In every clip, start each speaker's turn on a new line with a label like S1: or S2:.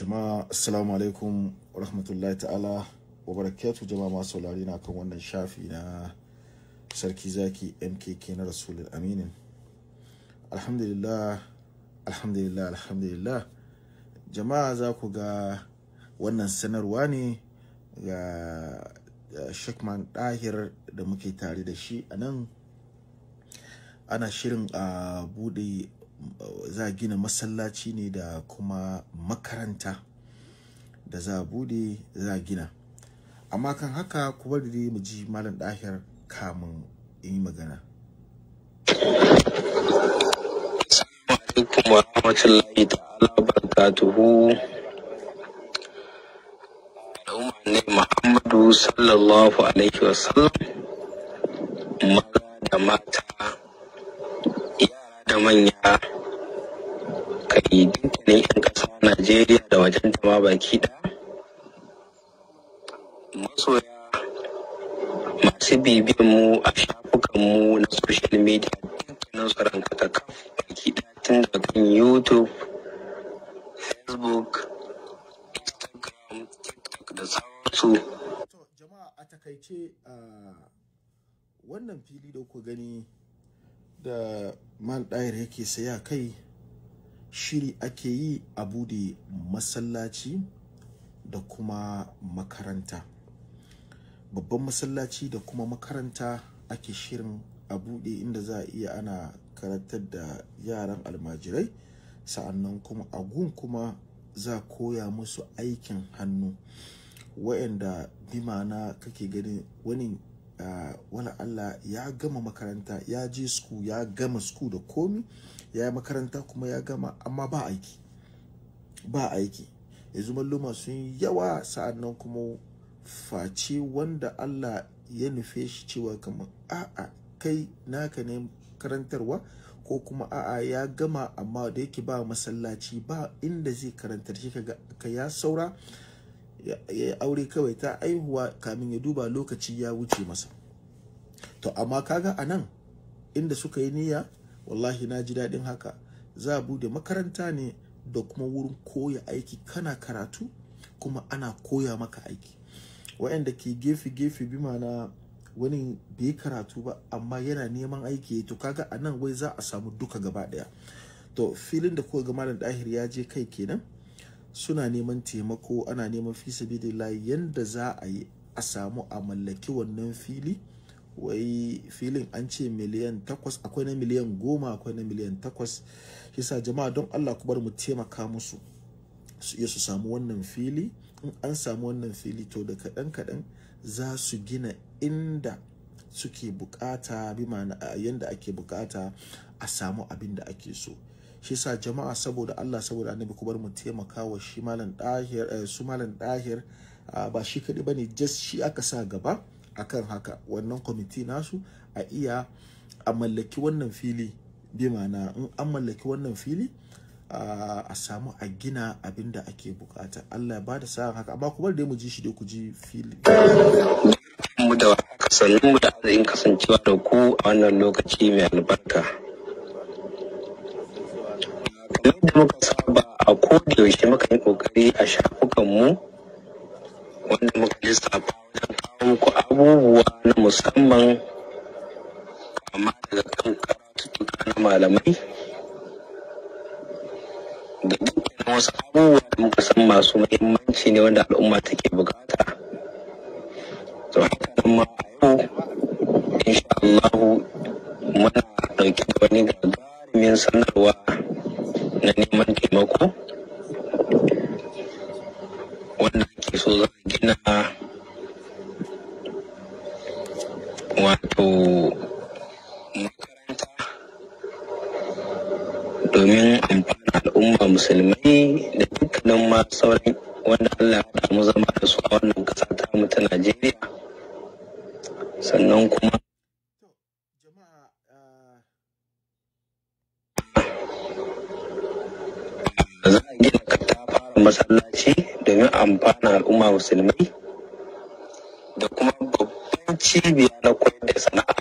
S1: jama'a assalamu alaikum rahmatullahi ta'ala wa barakatu jama'a masu saurari na kan wannan shafi na sarki zaki mkk na rasulun aminin alhamdulillah alhamdulillah alhamdulillah jama'a za ku ga wannan sanarwa ne ga shekman dahir da muke tare da shi a nan ana shirin a bude za a gina masallaci ne da kuma makaranta da za a bude za a gina amma kan haka kuma da dai mu ji malam dahiyar kamun in yi magana
S2: alaikum wa rahmatullahi ta'ala barakatuhu al'umma ne muhammadu sallallahu alaihi wasallam maza da mata yara da manya aƙidinta ne 'yan ƙasa Najeriya da wajen ma baki ɗaya. Masoya masu bibiyan mu a shafukanmu na social media dukkanin su rankata kaf baki ɗaya tun daga kan YouTube, Facebook, Instagram, TikTok da sauransu. jama'a
S1: a takaice wannan fili da kuka gani da man ɗayar yake saya kai shiri ake yi a bude masallaci da kuma makaranta babban masallaci da kuma makaranta ake shirin a bude inda za a iya ana karantar da yaran almajirai sa'annan kuma a gun kuma za koya musu aikin hannu wa'anda bimana kake ganin wani uh, Allah ya gama makaranta ya je sku ya gama sku da komi ya yi makaranta kuma ya gama amma ba aiki ba aiki yanzu malluma sun yawa sa'an nan kuma face wanda Allah ya nufe shi cewa kamar a'a kai naka ne karantarwa ko kuma a'a ya gama amma da yake ba masallaci ba inda zai karantar shi ka ya saura ya aure kawai ta aihuwa kamin ya duba lokaci ya wuce masa to amma kaga a nan inda suka yi niyya wallahi na ji daɗin haka za a bude makaranta ne da kuma wurin koya aiki kana karatu kuma ana koya maka aiki waɗanda ke gefe-gefe bi mana wani bai karatu ba amma yana neman aiki to kaga a nan wai za a samu duka gaba ɗaya to filin da kuka ga malam Dahir ya je kai kenan suna neman taimako ana neman fi sabilillahi yanda za a yi a samu a mallaki wannan fili wai filin an ce miliyan takwas akwai na miliyan goma akwai na miliyan takwas shi sa jama'a don allah ku bar mu taimaka musu su iya su samu wannan fili in an samu wannan fili to da kaɗan kaɗan za su gina inda suke bukata bi ma'ana yanda ake bukata a samu abin da ake so shi sa jama'a saboda Allah saboda annabi ku bar mu taimaka wa shi malam dahir eh, su malam dahir ba shi ba ne, just shi aka sa gaba akan haka wannan kwamiti nasu a iya a mallaki wannan fili bi ma'ana in an mallaki wannan fili a samu a gina abin da ake bukata Allah ya bada sa'a haka amma kuma da mu ji shi da ku ji fili mu da
S2: sannun mu da arzikin kasancewa da ku a wannan lokaci mai albarka kamar da muka saba a yaushe muka yi kokari a shafukan mu wanda muka lissafa wajen kawo muku abubuwa na musamman kama daga kan karatuttuka na malamai da dukkan wasu abubuwa da muka san masu muhimmanci ne wanda al'umma take bukata to haka nan ma a yau insha Allahu muna dauke da wani gagarumin sanarwa na neman taimako wanda ake so za ta Najeriya sannan kuma za a gina katafaren masallaci domin amfana al'umma musulmai da kuma babban cibiya na koyar da sana'a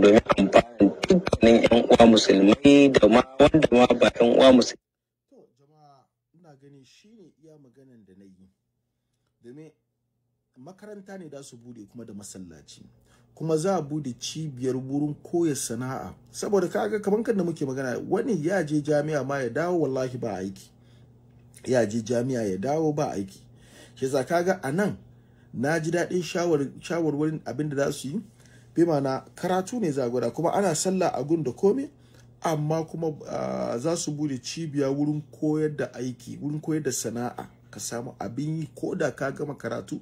S2: domin amfanin dukkanin 'yan uwa musulmai da ma wanda ma ba 'yan uwa musulmai. To jama'a ina ganin shi
S1: ne iya maganan da na yi. Domin makaranta ne da su bude kuma da masallaci kuma za a bude cibiyar wurin koya sana'a saboda kaga kaman kan da muke magana wani ya je jami'a ma ya dawo wallahi ba aiki ya je jami'a ya dawo ba aiki shi za kaga a nan na ji daɗin shawarwarin abin da za su yi bi mana karatu ne za a gwada kuma ana sallah a gun da komai amma kuma ah, za su bude cibiya wurin koyar da aiki wurin koyar da sana'a ka samu abin yi ko da ka gama karatu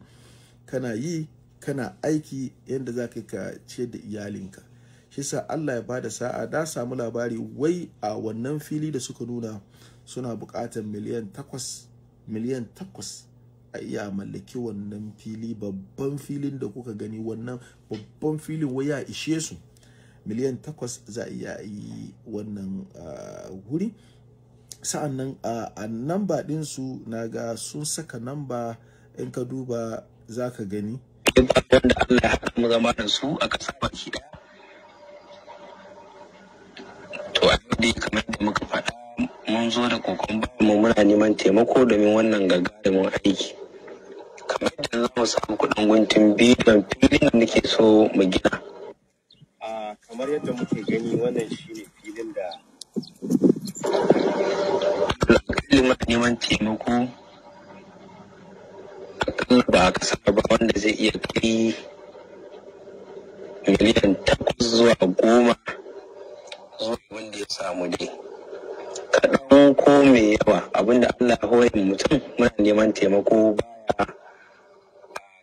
S1: kana yi kana aiki yadda za ka ka da iyalinka shi sa Allah ya ba da sa'a da samu labari wai a wannan fili da suka nuna suna buƙatar miliyan takwas miliyan takwas a iya mallaki wannan fili babban filin da kuka gani wannan babban filin wai ya ishe su miliyan takwas za a iya yi wannan ah, wuri sa'annan ah, a namba ɗinsu na ga sun saka namba in ka duba za ka gani
S2: wanda Allah ya haɗa mu zama da su a ƙasar baki ɗaya to a yau dai kamar da muka faɗa mun zo da kokon mu muna neman taimako domin wannan gagarumin aiki kamar da za mu samu kuɗin guntun bidiyon filin da nake so mu gina kamar yadda muke gani wannan shine filin da neman taimako kano da aka saba wanda zai iya kai miliyan takwas zuwa goma zuwa wanda ya samu dai kaɗan ko mai yawa abinda allah hoyin mutum muna neman taimako baya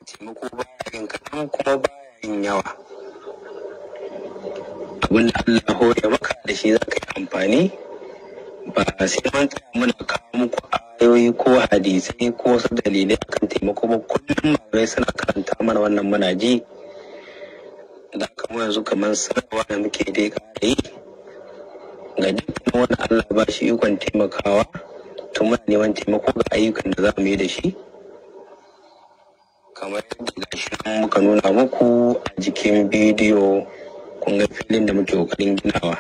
S2: taimako baya yin kaɗan kuma baya yin yawa abinda allah hoya maka da shi za ka yi amfani ba sai man tsaya muna kawo muku a ayoyi ko hadisai ko wasu dalilai kan taimako ba kullum malamai suna karanta mana wannan muna ji da aka mu yanzu kamar sanarwa da muke dai kare yi ga dukkan wani Allah ba shi ikon taimakawa to muna neman taimako ga ayyukan da za mu yi da shi kamar yadda gashi muka nuna muku a jikin bidiyo kun ga filin da muke ƙoƙarin ginawa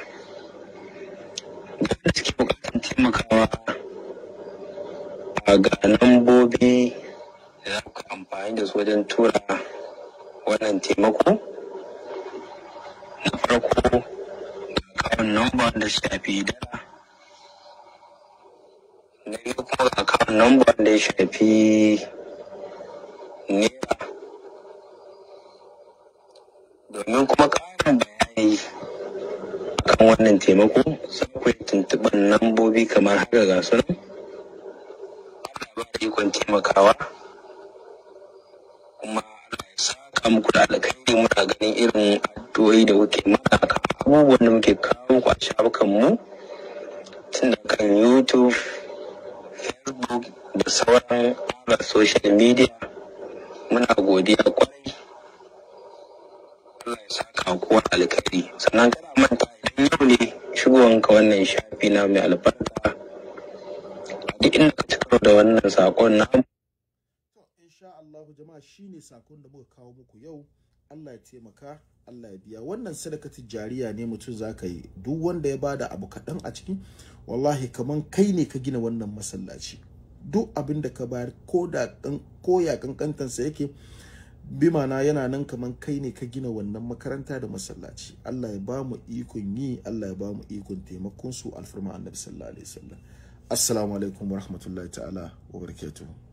S2: da suke buƙatar taimakawa ga lambobi da za ku amfani da su wajen tura wannan taimako na farko akawun nomba da shafi dala na biyu kuma ga akawun nomba da ya shafi nera, domin kuma ƙarin bayani kan wannan taimako za ku tuntuɓar lambobi kamar haka ga su nan ikon taimakawa kuma Allah ya saka muku da alkhairi muna ganin irin addu'o'i da kuke mana abubuwan da muke kawo ku a shafukan mu tun kan YouTube Facebook da sauran social media muna godiya kwarai Allah ya saka kowa alkhairi sannan kana manta da yau ne shigowanka wannan shafi na mai albarka da wannan sakon
S1: na to insha Allah jama'a shine sakon da muka kawo muku yau Allah ya taimaka Allah ya biya wannan sadakatu jariya ne mutum zaka yi duk wanda ya bada abu kadan a ciki wallahi kaman kai ne ka gina wannan masallaci duk abin da ka bayar ko da ko ya sa yake bi mana yana nan kaman kai ne ka gina wannan makaranta da masallaci Allah ya ba mu ikon yi Allah ya ba mu ikon taimakon su alfarma annabi sallallahu alaihi wasallam assalamu alaikum rahmatullahi ta'ala wa barakatuhu